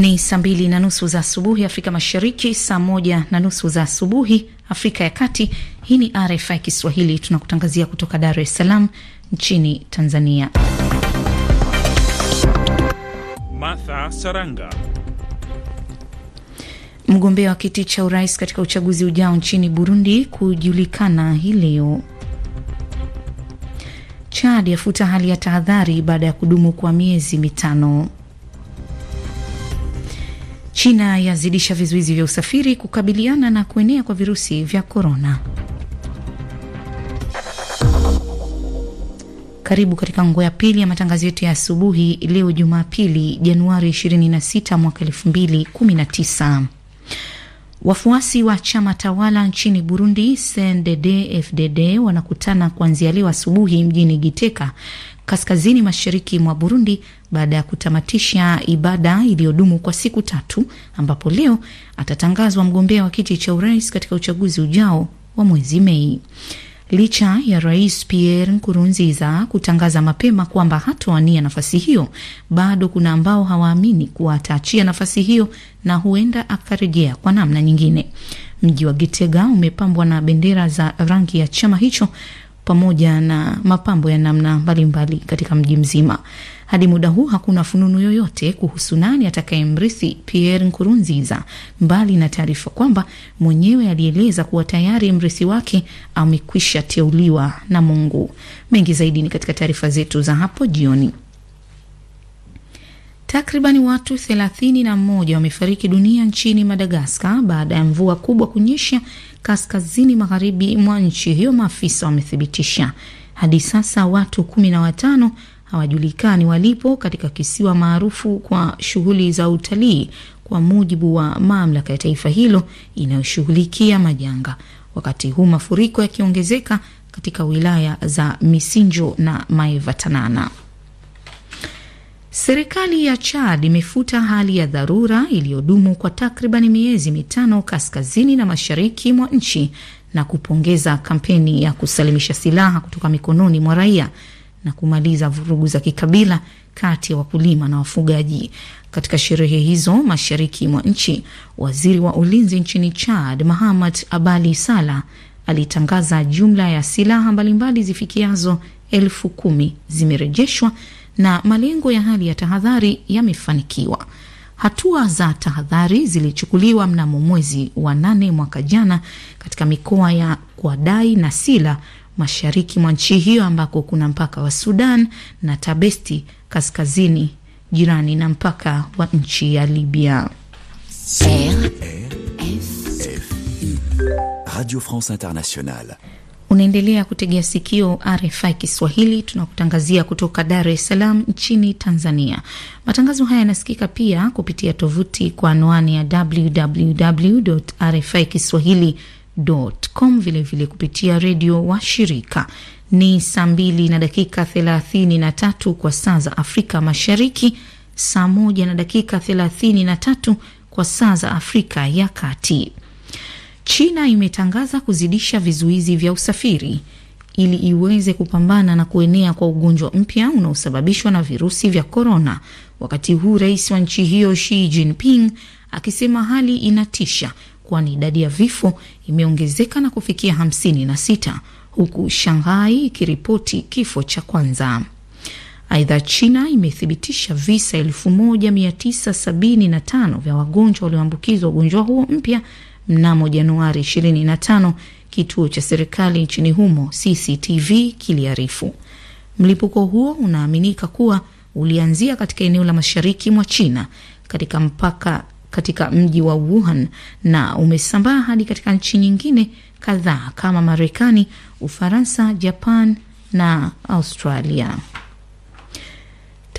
Ni saa mbili na nusu za asubuhi Afrika Mashariki, saa moja na nusu za asubuhi Afrika ya Kati. Hii ni RFI Kiswahili, tunakutangazia kutoka Dar es Salaam nchini Tanzania. Martha Saranga. Mgombea wa kiti cha urais katika uchaguzi ujao nchini Burundi kujulikana hii leo. Chad yafuta hali ya tahadhari baada ya kudumu kwa miezi mitano. China yazidisha vizuizi vya usafiri kukabiliana na kuenea kwa virusi vya korona. Karibu katika nguo ya pili ya matangazo yetu ya asubuhi leo Jumapili, Januari 26 mwaka 2019. Wafuasi wa chama tawala nchini Burundi CNDD-FDD wanakutana kuanzia leo asubuhi mjini Giteka kaskazini mashariki mwa Burundi baada ya kutamatisha ibada iliyodumu kwa siku tatu, ambapo leo atatangazwa mgombea wa kiti cha urais katika uchaguzi ujao wa mwezi Mei. Licha ya Rais Pierre Nkurunziza kutangaza mapema kwamba hatowania nafasi hiyo, bado kuna ambao hawaamini kuwa ataachia nafasi hiyo na huenda akarejea kwa namna nyingine. Mji wa Gitega umepambwa na bendera za rangi ya chama hicho pamoja na mapambo ya namna mbalimbali katika mji mzima. Hadi muda huu hakuna fununu yoyote kuhusu nani atakayemrithi Pierre Nkurunziza, mbali na taarifa kwamba mwenyewe alieleza kuwa tayari mrithi wake amekwisha teuliwa na Mungu. Mengi zaidi ni katika taarifa zetu za hapo jioni takriban watu 31 na mmoja wamefariki dunia nchini Madagaskar baada ya mvua kubwa kunyesha kaskazini magharibi mwa nchi hiyo, maafisa wamethibitisha. Hadi sasa watu kumi na watano hawajulikani walipo katika kisiwa maarufu kwa shughuli za utalii, kwa mujibu wa mamlaka ya taifa hilo inayoshughulikia majanga, wakati huu mafuriko yakiongezeka katika wilaya za Misinjo na Maevatanana. Serikali ya Chad imefuta hali ya dharura iliyodumu kwa takribani miezi mitano kaskazini na mashariki mwa nchi na kupongeza kampeni ya kusalimisha silaha kutoka mikononi mwa raia na kumaliza vurugu za kikabila kati ya wakulima na wafugaji. Katika sherehe hizo mashariki mwa nchi, waziri wa ulinzi nchini Chad Mahamad Abali Sala alitangaza jumla ya silaha mbalimbali zifikiazo elfu kumi zimerejeshwa na malengo ya hali ya tahadhari yamefanikiwa. Hatua za tahadhari zilichukuliwa mnamo mwezi wa nane mwaka jana katika mikoa ya Kwadai na Sila mashariki mwa nchi hiyo ambako kuna mpaka wa Sudan na Tabesti kaskazini jirani na mpaka wa nchi ya Libya. Radio France Internationale. Unaendelea kutegea sikio RFI Kiswahili, tunakutangazia kutoka Dar es Salaam nchini Tanzania. Matangazo haya yanasikika pia kupitia tovuti kwa anwani ya www RFI kiswahilicom, vilevile kupitia redio wa shirika. Ni saa mbili na dakika thelathini na tatu kwa saa za Afrika Mashariki, saa moja na dakika thelathini na tatu kwa saa za Afrika ya Kati. China imetangaza kuzidisha vizuizi vya usafiri ili iweze kupambana na kuenea kwa ugonjwa mpya unaosababishwa na virusi vya korona, wakati huu rais wa nchi hiyo Xi Jinping akisema hali inatisha, kwani idadi ya vifo imeongezeka na kufikia 56 huku Shanghai ikiripoti kifo cha kwanza. Aidha, China imethibitisha visa 1975 vya wagonjwa walioambukizwa ugonjwa huo mpya mnamo Januari 25, kituo cha serikali nchini humo CCTV kiliarifu. Mlipuko huo unaaminika kuwa ulianzia katika eneo la mashariki mwa China katika mpaka katika mji wa Wuhan na umesambaa hadi katika nchi nyingine kadhaa kama Marekani, Ufaransa, Japan na Australia.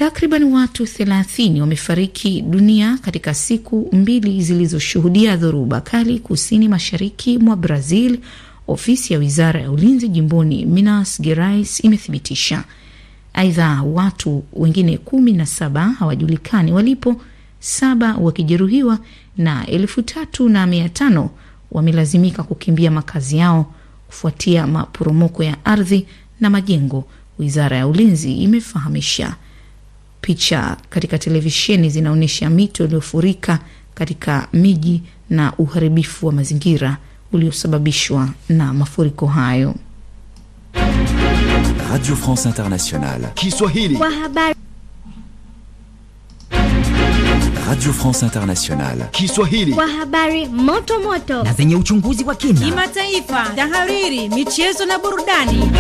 Takriban watu 30 wamefariki dunia katika siku mbili zilizoshuhudia dhoruba kali kusini mashariki mwa Brazil, ofisi ya wizara ya ulinzi jimboni Minas Gerais imethibitisha. Aidha, watu wengine kumi na saba hawajulikani walipo, saba wakijeruhiwa na elfu tatu na mia tano wamelazimika kukimbia makazi yao kufuatia maporomoko ya ardhi na majengo, wizara ya ulinzi imefahamisha. Picha katika televisheni zinaonyesha mito iliyofurika katika miji na uharibifu wa mazingira uliosababishwa na mafuriko hayo. Radio France Internationale Kiswahili. Kwa habari. Radio France Internationale Kiswahili. Kwa habari moto moto na zenye uchunguzi wa kina, kimataifa, tahariri, michezo na burudani.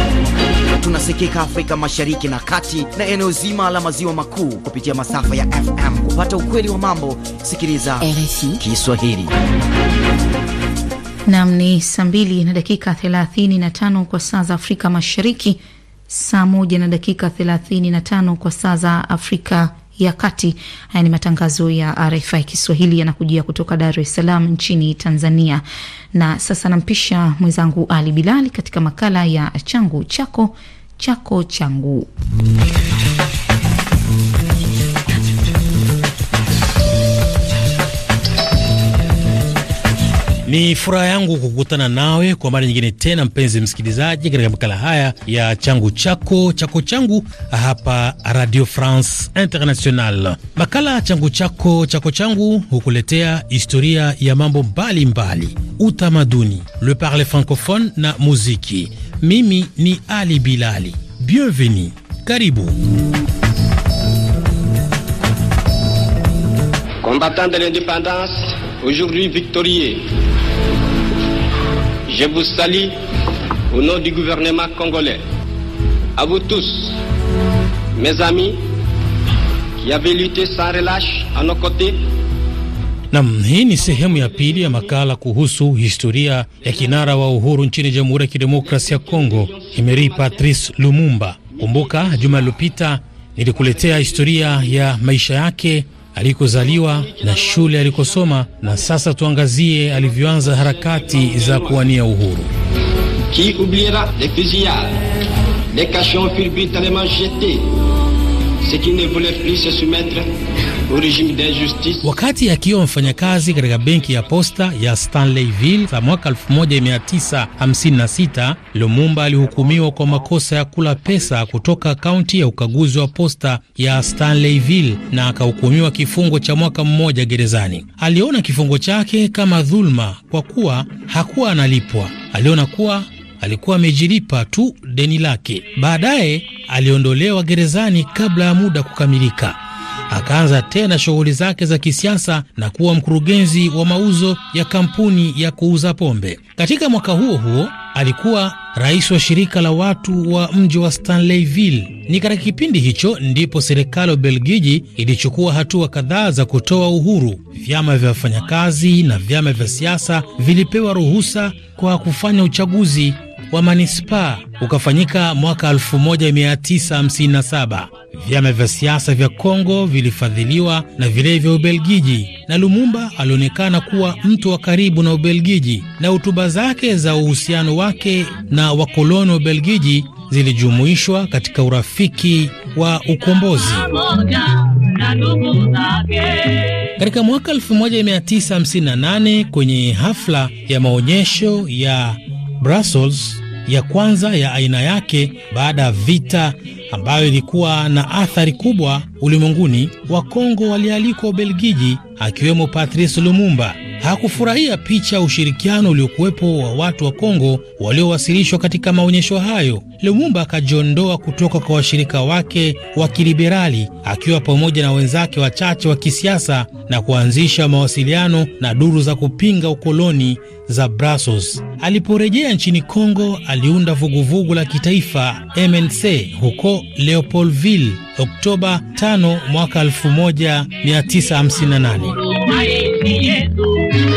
Tunasikika Afrika Mashariki na Kati na eneo zima la maziwa makuu kupitia masafa ya FM. Kupata ukweli wa mambo, sikiliza RFI Kiswahili. Nam ni saa mbili na dakika 35 kwa saa za Afrika Mashariki, saa moja na dakika 35 kwa saa za Afrika ya Kati. Haya ni matangazo ya RFI Kiswahili yanakujia kutoka Dar es Salaam nchini Tanzania. Na sasa nampisha mwenzangu Ali Bilali katika makala ya changu chako chako changu. Ni furaha yangu kukutana nawe kwa mara nyingine tena, mpenzi msikilizaji, katika makala haya ya changu chako chako changu hapa Radio France International. Makala changu chako chako changu hukuletea historia ya mambo mbalimbali, utamaduni, le parle francophone na muziki. Mimi ni Ali Bilali. Bienvenue, karibu. Combattant de l'indépendance, aujourd'hui victorieux Je vous salue au nom du gouvernement congolais. À vous tous, mes amis, qui avez lutté sans relâche à nos côtés. Nam, hii ni sehemu ya pili ya makala kuhusu historia ya kinara wa uhuru nchini Jamhuri ya Kidemokrasia ya Kongo, Emery Patrice Lumumba. Kumbuka juma lililopita nilikuletea historia ya maisha yake alikozaliwa na shule alikosoma, na sasa tuangazie alivyoanza harakati za kuwania uhuru. Qui oubliera les fusillades, les cachons jetés, ceux qui ne voulaient plus se soumettre Wakati akiwa mfanyakazi katika benki ya posta ya Stanleyville za mwaka 1956, Lumumba alihukumiwa kwa makosa ya kula pesa kutoka kaunti ya ukaguzi wa posta ya Stanleyville na akahukumiwa kifungo cha mwaka mmoja gerezani. Aliona kifungo chake kama dhuluma kwa kuwa hakuwa analipwa. Aliona kuwa alikuwa amejilipa tu deni lake. Baadaye aliondolewa gerezani kabla ya muda kukamilika akaanza tena shughuli zake za kisiasa na kuwa mkurugenzi wa mauzo ya kampuni ya kuuza pombe. Katika mwaka huo huo alikuwa rais wa shirika la watu wa mji wa Stanleyville. Ni katika kipindi hicho ndipo serikali ya Ubelgiji ilichukua hatua kadhaa za kutoa uhuru. Vyama vya wafanyakazi na vyama vya siasa vilipewa ruhusa kwa kufanya uchaguzi wa manispaa ukafanyika mwaka 1957. Vyama vya siasa vya Kongo vilifadhiliwa na vile vya Ubelgiji, na Lumumba alionekana kuwa mtu wa karibu na Ubelgiji, na hotuba zake za uhusiano wake na wakoloni wa Ubelgiji zilijumuishwa katika urafiki wa ukombozi. Katika mwaka 1958 kwenye hafla ya maonyesho ya Brussels ya kwanza ya aina yake baada ya vita ambayo ilikuwa na athari kubwa ulimwenguni. Wakongo walialikwa Ubelgiji, akiwemo Patrice Lumumba. Hakufurahia picha ya ushirikiano uliokuwepo wa watu wa Kongo waliowasilishwa katika maonyesho hayo. Lumumba akajiondoa kutoka kwa washirika wake wa kiliberali akiwa pamoja na wenzake wachache wa kisiasa na kuanzisha mawasiliano na duru za kupinga ukoloni za Brussels. Aliporejea nchini Kongo, aliunda vuguvugu la kitaifa MNC huko Leopoldville Oktoba 5 mwaka 1958.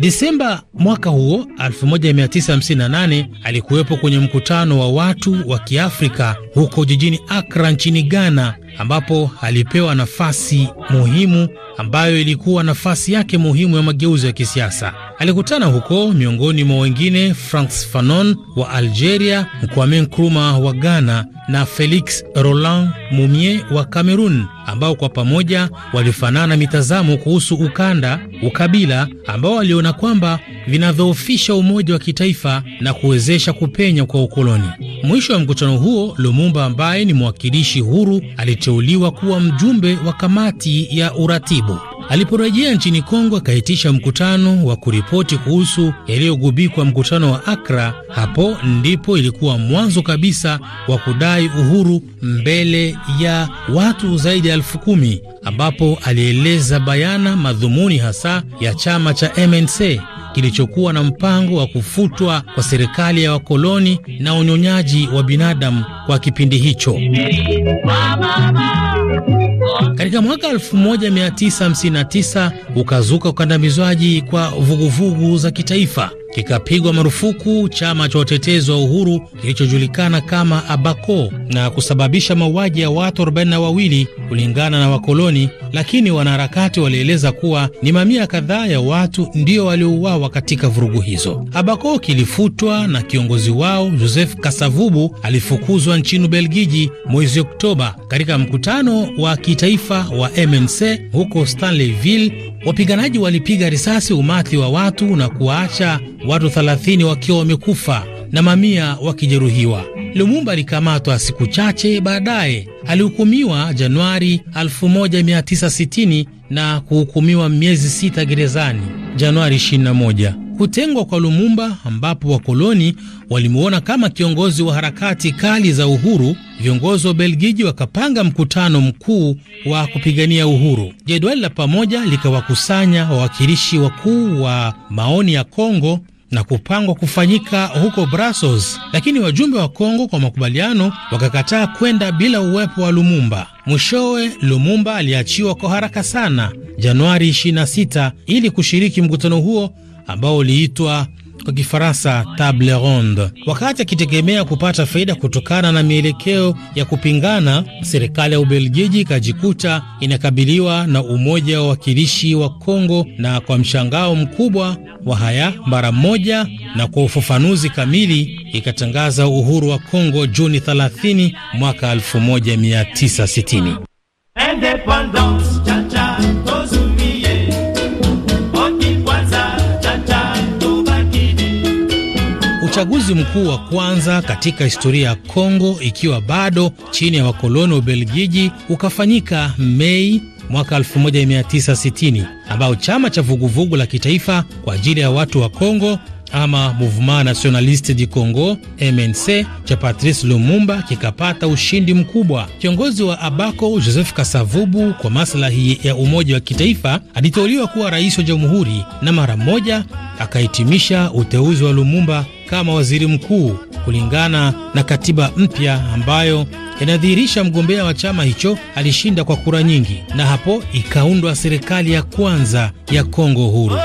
Disemba mwaka huo 1958 alikuwepo kwenye mkutano wa watu wa Kiafrika huko jijini akra nchini Ghana ambapo alipewa nafasi muhimu ambayo ilikuwa nafasi yake muhimu ya mageuzo ya kisiasa. Alikutana huko miongoni mwa wengine franks Fanon wa Algeria, Kwame Nkrumah wa Ghana na Felix Roland Mumie wa Cameroon, ambao kwa pamoja walifanana mitazamo kuhusu ukanda, ukabila ambao waliona kwamba vinadhoofisha umoja wa kitaifa na kuwezesha kupenya kwa ukoloni. Mwisho wa mkutano huo, Lumumba ambaye ni mwakilishi huru aliteuliwa kuwa mjumbe wa kamati ya uratibu. Aliporejea nchini Kongo akaitisha mkutano wa kuripoti kuhusu yaliyogubikwa mkutano wa Akra. Hapo ndipo ilikuwa mwanzo kabisa wa kudai uhuru mbele ya watu zaidi ya elfu kumi ambapo alieleza bayana madhumuni hasa ya chama cha MNC kilichokuwa na mpango wa kufutwa kwa serikali ya wakoloni na unyonyaji wa binadamu kwa kipindi hicho. Katika mwaka 1959 ukazuka ukandamizwaji kwa vuguvugu vugu za kitaifa kikapigwa marufuku chama cha watetezi wa uhuru kilichojulikana kama ABAKO na kusababisha mauaji ya watu 42 kulingana na wakoloni, lakini wanaharakati walieleza kuwa ni mamia kadhaa ya watu ndio waliouawa katika vurugu hizo. ABAKO kilifutwa na kiongozi wao Joseph Kasavubu alifukuzwa nchini Ubelgiji mwezi Oktoba katika mkutano wa kitaifa wa MNC huko Stanleyville wapiganaji walipiga risasi umati wa watu na kuwaacha watu 30 wakiwa wamekufa na mamia wakijeruhiwa. Lumumba alikamatwa siku chache baadaye, alihukumiwa Januari 1960 na kuhukumiwa miezi sita gerezani Januari 21 kutengwa kwa Lumumba, ambapo wakoloni walimwona kama kiongozi wa harakati kali za uhuru, viongozi wa Belgiji wakapanga mkutano mkuu wa kupigania uhuru. Jedwali la pamoja likawakusanya wawakilishi wakuu wa maoni ya Kongo na kupangwa kufanyika huko Brussels, lakini wajumbe wa Kongo kwa makubaliano wakakataa kwenda bila uwepo wa Lumumba. Mwishowe Lumumba aliachiwa kwa haraka sana Januari 26 ili kushiriki mkutano huo ambao uliitwa kwa Kifaransa table ronde. Wakati akitegemea kupata faida kutokana na mielekeo ya kupingana, serikali ya Ubelgiji ikajikuta inakabiliwa na umoja wa wakilishi wa Kongo, na kwa mshangao mkubwa wa haya mara moja na kwa ufafanuzi kamili ikatangaza uhuru wa Kongo Juni 30 mwaka 1960. uchaguzi mkuu wa kwanza katika historia ya Kongo ikiwa bado chini ya wakoloni wa Ubelgiji ukafanyika Mei mwaka 1960 ambao chama cha vuguvugu la kitaifa kwa ajili ya watu wa Kongo ama Mouvement Nationaliste du Congo MNC cha Patrice Lumumba kikapata ushindi mkubwa. Kiongozi wa Abako Joseph Kasavubu, kwa maslahi ya umoja wa kitaifa, aliteuliwa kuwa rais wa jamhuri na mara moja akahitimisha uteuzi wa Lumumba kama waziri mkuu kulingana na katiba mpya ambayo inadhihirisha mgombea wa chama hicho alishinda kwa kura nyingi, na hapo ikaundwa serikali ya kwanza ya Kongo huru.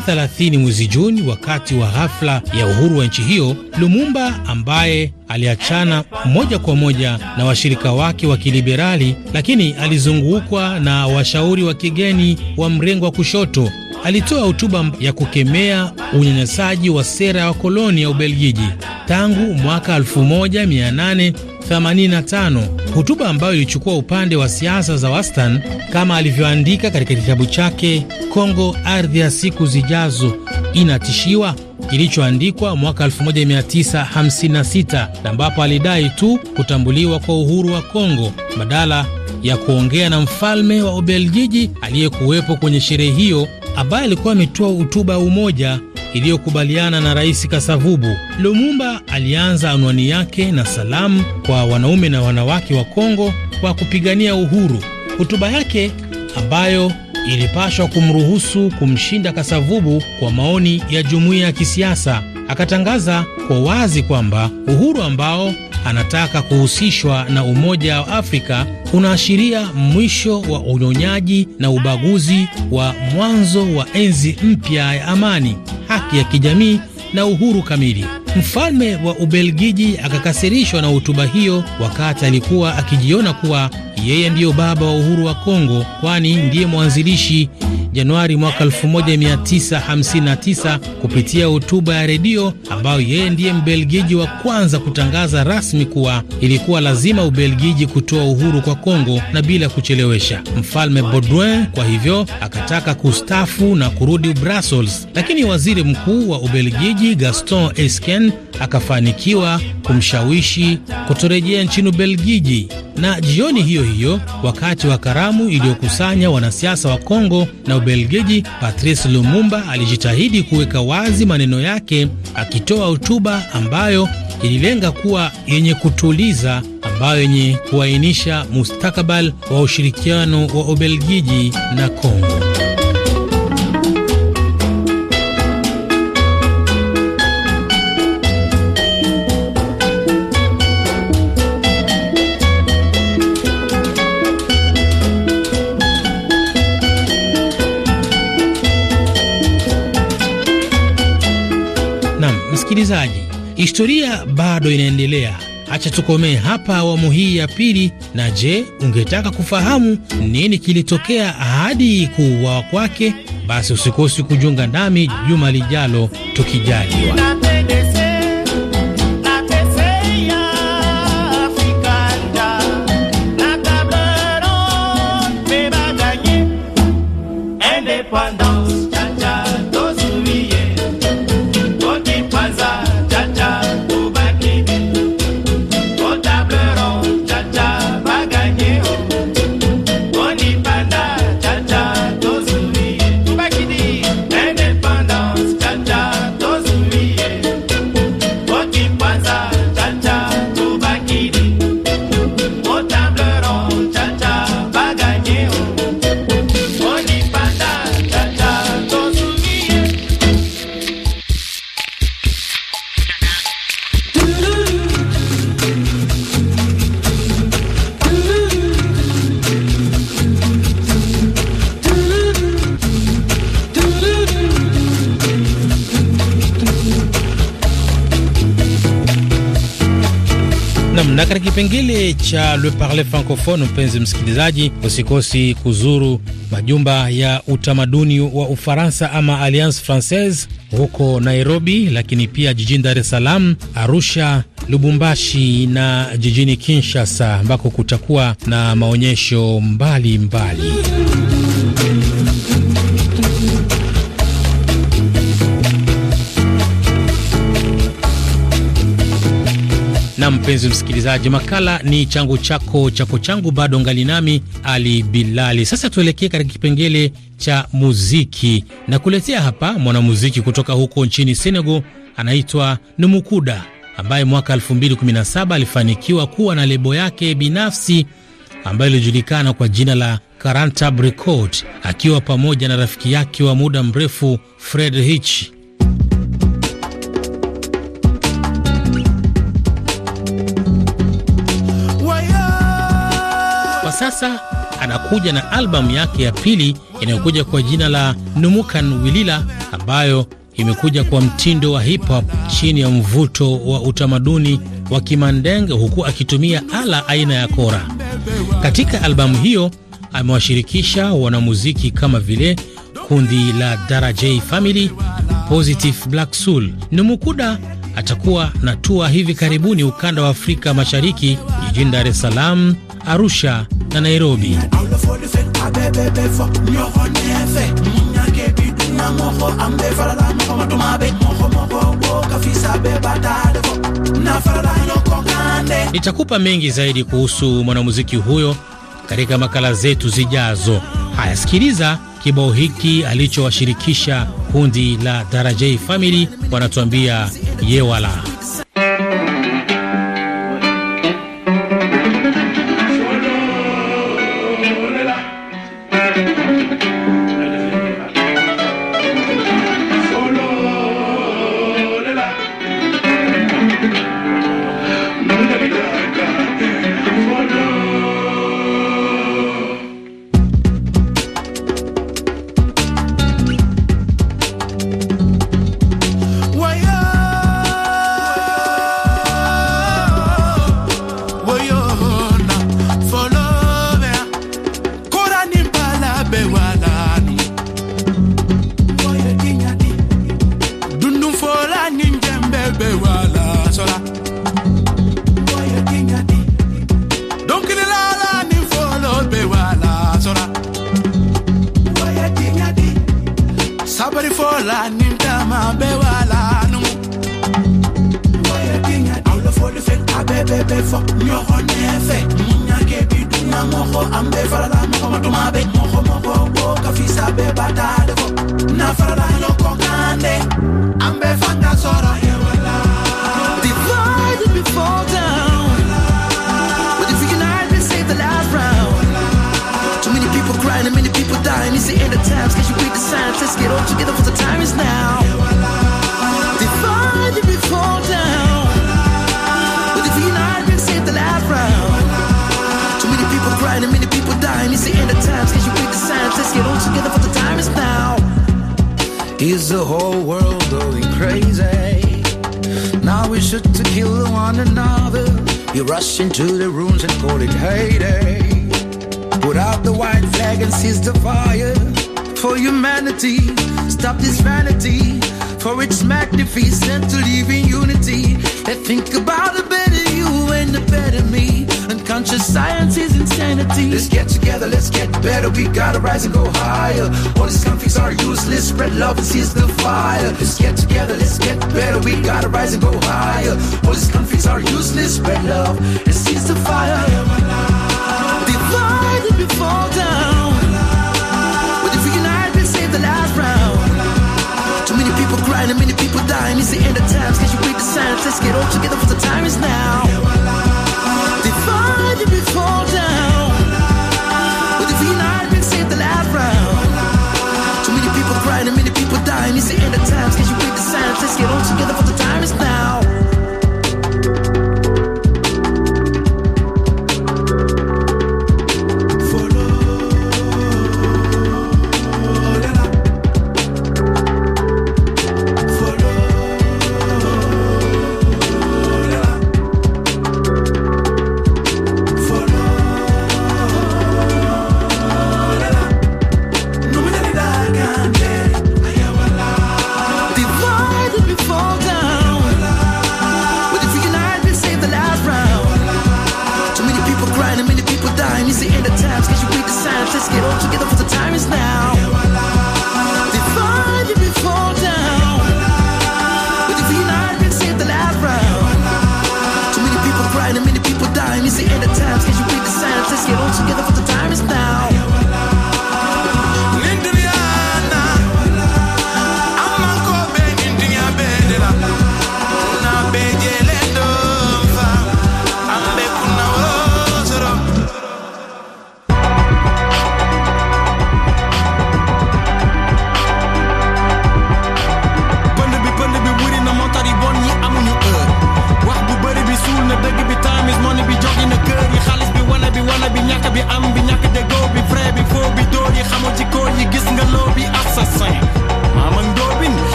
Tarehe 30 mwezi Juni, wakati wa hafla ya uhuru wa nchi hiyo, Lumumba ambaye aliachana moja kwa moja na washirika wake wa kiliberali, lakini alizungukwa na washauri wa kigeni wa mrengo wa kushoto alitoa hotuba ya kukemea unyanyasaji wa sera ya wakoloni ya Ubelgiji tangu mwaka 1885, hotuba ambayo ilichukua upande wa siasa za wastani kama alivyoandika katika kitabu chake Kongo, ardhi ya siku zijazo inatishiwa kilichoandikwa mwaka 1956 ambapo alidai tu kutambuliwa kwa uhuru wa Kongo badala ya kuongea na mfalme wa Ubelgiji aliyekuwepo kwenye sherehe hiyo ambaye alikuwa ametoa hotuba ya umoja iliyokubaliana na Rais Kasavubu. Lumumba alianza anwani yake na salamu kwa wanaume na wanawake wa Kongo kwa kupigania uhuru. Hotuba yake ambayo ilipashwa kumruhusu kumshinda Kasavubu kwa maoni ya jumuiya ya kisiasa, akatangaza kwa wazi kwamba uhuru ambao anataka kuhusishwa na Umoja wa Afrika unaashiria mwisho wa unyonyaji na ubaguzi wa mwanzo wa enzi mpya ya amani, haki ya kijamii na uhuru kamili. Mfalme wa Ubelgiji akakasirishwa na hotuba hiyo, wakati alikuwa akijiona kuwa yeye ndiyo baba wa uhuru wa Kongo, kwani ndiye mwanzilishi. Januari mwaka 1959 kupitia hotuba ya redio ambayo yeye ndiye Mbelgiji wa kwanza kutangaza rasmi kuwa ilikuwa lazima Ubelgiji kutoa uhuru kwa Kongo na bila kuchelewesha. Mfalme Baudouin kwa hivyo akataka kustafu na kurudi Brussels, lakini waziri mkuu wa Ubelgiji Gaston Esken Ben akafanikiwa kumshawishi kutorejea nchini Ubelgiji, na jioni hiyo hiyo, wakati wa karamu iliyokusanya wanasiasa wa Kongo na Ubelgiji, Patrice Lumumba alijitahidi kuweka wazi maneno yake, akitoa hotuba ambayo ililenga kuwa yenye kutuliza, ambayo yenye kuainisha mustakabali wa ushirikiano wa Ubelgiji na Kongo. Nam msikilizaji, historia bado inaendelea. Acha tukomee hapa awamu hii ya pili. Na je, ungetaka kufahamu nini kilitokea hadi kuuawa kwake? Basi usikosi kujiunga nami juma lijalo tukijaliwa. kipengele cha Le Parle Francophone, mpenzi msikilizaji, usikosi kuzuru majumba ya utamaduni wa Ufaransa ama Alliance Francaise huko Nairobi, lakini pia jijini Dar es Salaam, Arusha, Lubumbashi na jijini Kinshasa ambako kutakuwa na maonyesho mbalimbali mbali. Na mpenzi msikilizaji, makala ni changu chako chako changu, bado ngali nami Ali Bilali. Sasa tuelekee katika kipengele cha muziki na kuletea hapa mwanamuziki kutoka huko nchini Senegal, anaitwa Numukuda ambaye mwaka 2017 alifanikiwa kuwa na lebo yake binafsi ambayo ilijulikana kwa jina la Karantab Record, akiwa pamoja na rafiki yake wa muda mrefu Fred Hitch. sasa anakuja na albamu yake ya pili inayokuja kwa jina la Numukan Wilila ambayo imekuja kwa mtindo wa hip hop chini ya mvuto wa utamaduni wa Kimandenge, huku akitumia ala aina ya kora. Katika albamu hiyo amewashirikisha wanamuziki kama vile kundi la Darajay Family, Positive Black Soul. Numukuda atakuwa na tua hivi karibuni ukanda wa Afrika Mashariki, jijini Dar es Salaam, Arusha na Nairobi. Nitakupa mengi zaidi kuhusu mwanamuziki huyo katika makala zetu zijazo. Haya, sikiliza kibao hiki alichowashirikisha kundi la Daraja Family, wanatuambia yewala. Let's get all together for the time is now. Divide if we fall down. But if we unite, we will save the last round. Too many people crying and many people dying. It's the end of times. Can you read the signs? Let's get all together for the time is now. Is the whole world going crazy? Now we should to kill one another. You rush into the rooms and call it heyday. Put out the white flag and seize the fire for humanity. Stop this vanity, for it's smack and to live in unity. And think about a better you and a better me. Unconscious science is insanity. Let's get together, let's get better. We gotta rise and go higher. All these conflicts are useless. Spread love and seize the fire. Let's get together, let's get better. We gotta rise and go higher. All these conflicts are useless. Spread love and seize the fire. Let's get all together for the time is now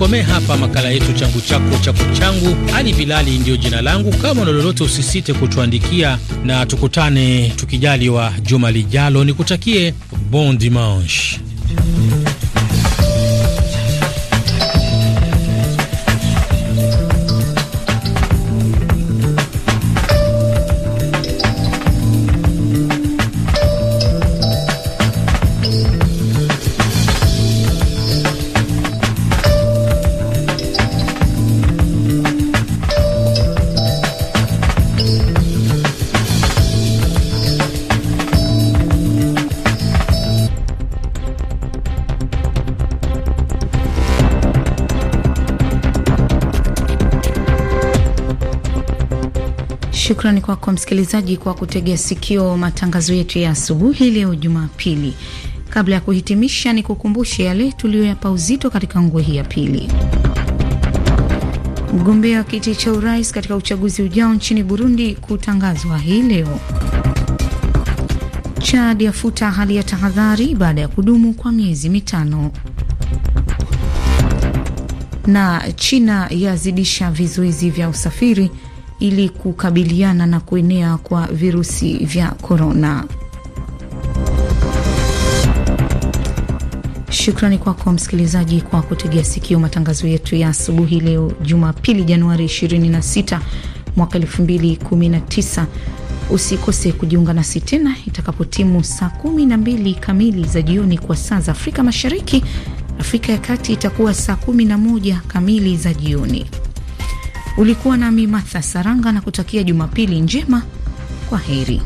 Nikomee hapa makala yetu changu chako chako changu. Ali Bilali ndiyo jina langu. Kama una lolote, usisite kutuandikia na tukutane tukijaliwa juma lijalo. Nikutakie bon dimanche. Shukrani kwako kwa msikilizaji kwa kutegea sikio matangazo yetu ya asubuhi leo Jumapili. Kabla ya kuhitimisha, ni kukumbushe yale tuliyoyapa uzito katika nguo hii ya pili. Mgombea wa kiti cha urais katika uchaguzi ujao nchini Burundi kutangazwa hii leo. Chad yafuta hali ya tahadhari baada ya kudumu kwa miezi mitano, na China yazidisha vizuizi vya usafiri ili kukabiliana na kuenea kwa virusi vya korona. Shukrani kwako kwa msikilizaji kwa kutegea sikio matangazo yetu ya asubuhi leo Jumapili, Januari 26 mwaka 2019. Usikose kujiunga nasi tena itakapotimu saa kumi na mbili kamili za jioni kwa saa za Afrika Mashariki. Afrika ya Kati itakuwa saa kumi na moja kamili za jioni. Ulikuwa nami Matha Saranga na kutakia Jumapili njema. Kwa heri.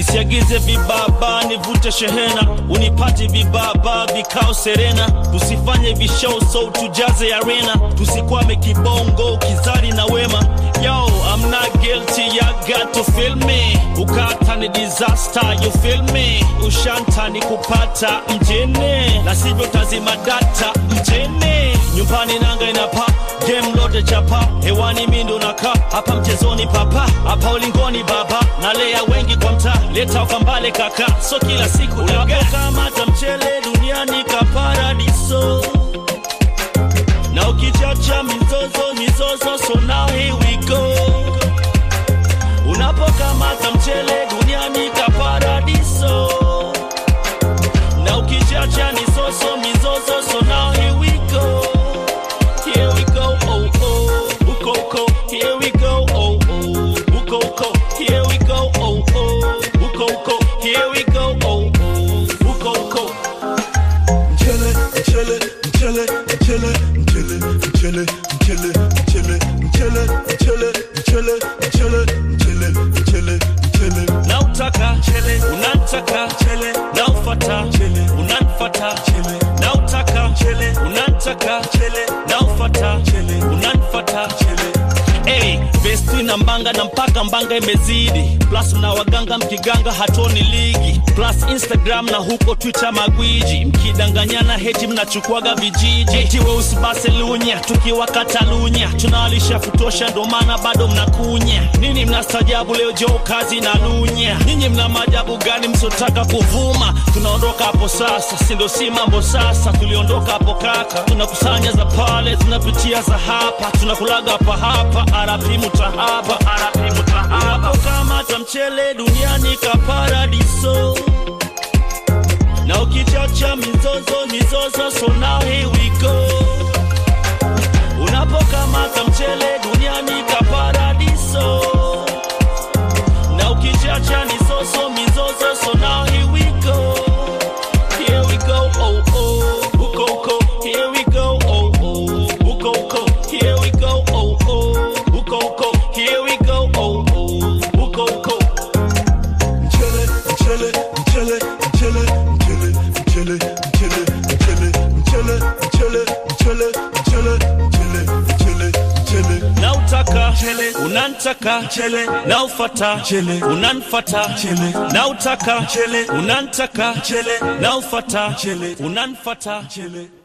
nisiagize vibaba nivute shehena, unipate vibaba vikao serena, tusifanye vishow so tujaze arena, tusikwame kibongo kizari na wema yo I'm not guilty ya got to feel me ukata ni disaster you feel me ushanta ni kupata mjene na sivyo tazima data mjene nyumbani nanga inapa game lote chapa hewani mindo naka hapa mchezoni papa hapa ulingoni baba nalea wengi kwa mtaa leta ukambale kaka, so kila siku napokamata mchele duniani kaparadiso, na ukichacha mizozo mizozo, so now here we go, unapokamata mchele duniani kaparadiso, na ukichacha mizozo mizozo Simba hatoni ligi plus Instagram na huko Twitter magwiji, mkidanganyana heti mnachukwaga vijiji eti weusi Barcelona, tukiwa Katalunya tunawalisha kutosha, ndo maana bado mnakunya nini? Mnastajabu leo jo kazi na lunya, ninyi mna maajabu gani msiotaka kuvuma? Tunaondoka hapo sasa, sindo si mambo sasa, tuliondoka hapo kaka, tunakusanya za pale, tunapitia za hapa, tunakulaga hapa hapa, arabi mutahaba arabi mchele duniani ka paradiso, na ukichacha mizozo mizozo, so now here we unataka chele na ufata chele unanfata chele na utaka chele unantaka chele na ufata chele unanfata chele